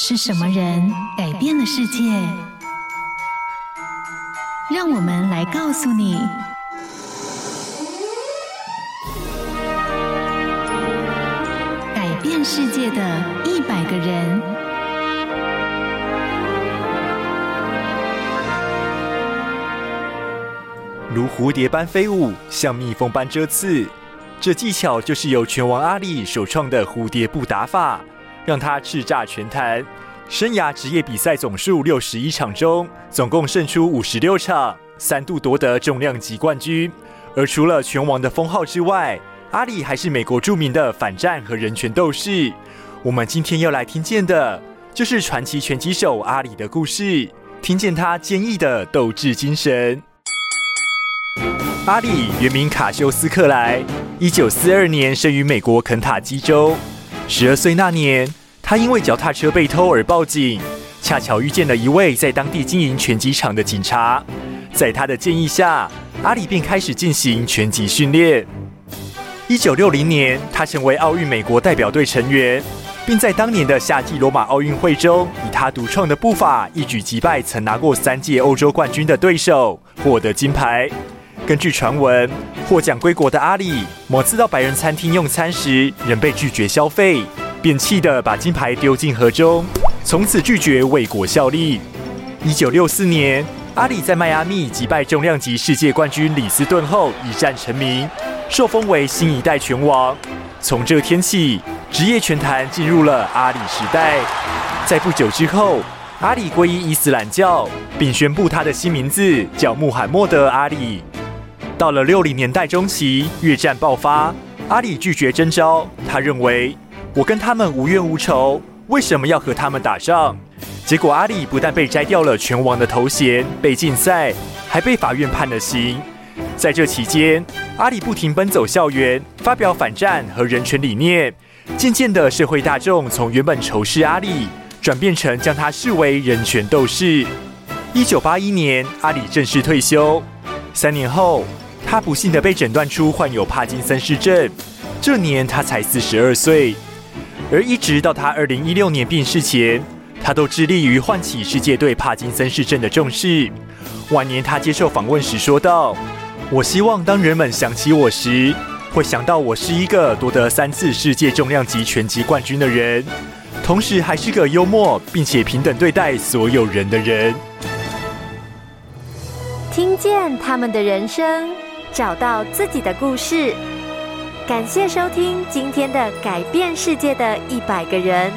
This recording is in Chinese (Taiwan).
是什麼人改變了世界？讓我們來告訴你：改變世界的一百個人，如蝴蝶般飛舞，像蜜蜂般蜇刺。這技巧就是由拳王阿里首創的蝴蝶步打法。讓他叱咤拳壇，生涯職業比賽總數六十一場中，總共勝出五十六場，三度奪得重量級冠軍。而除了拳王的封號之外，阿里還是美國著名的反戰和人權鬥士。我們今天要來聽見的就是傳奇拳擊手阿里的故事，聽見他堅毅的鬥志精神。 阿里原名卡修斯克萊，一九四二年生於美國肯塔基州，十二歲那年。他因為腳踏車被偷而報警，恰巧遇見了一位在當地經營拳擊場的警察，在他的建議下，阿裡便開始進行拳擊訓練。一九六零年，他成為奧運美國代表隊成員，並在當年的夏季羅馬奧運會中，以他獨創的步伐一舉擊敗曾拿過三屆歐洲冠軍的對手，獲得金牌。根據傳聞，獲獎歸國的阿里，某次到白人餐廳用餐時，仍被拒絕消費。氣得把金牌丟進河中，從此拒絕為國效力。一九六四年，阿里在邁阿密擊敗重量級世界冠軍李斯頓後一戰成名，受封為新一代拳王。從這天起，職業拳壇進入了阿里時代。在不久之後，阿里皈依伊斯蘭教，並宣布他的新名字叫穆罕默德·阿里。到了六零年代中期，越戰爆發，阿里拒絕徵召，他認為。我跟他們無冤無仇，為什麼要和他們打仗？結果阿里不但被摘掉了拳王的頭銜，被禁賽，還被法院判了刑。在這期間，阿里不停奔走校園，發表反戰和人權理念。漸漸的社會大眾從原本仇視阿里，轉變成將他視為人權鬥士。一九八一年，阿里正式退休。三年後，他不幸地被診斷出患有帕金森氏症。這年他才四十二歲。而一直到他二零一六年病逝前，他都致力於喚起世界對帕金森氏症的重視。晚年，他接受訪問時說道：“我希望當人們想起我時，會想到我是一個奪得三次世界重量級拳擊冠軍的人，同時還是個幽默並且平等對待所有人的人。”聽見他們的人生，找到自己的故事。感謝收聽今天的《改變世界的一百個人》。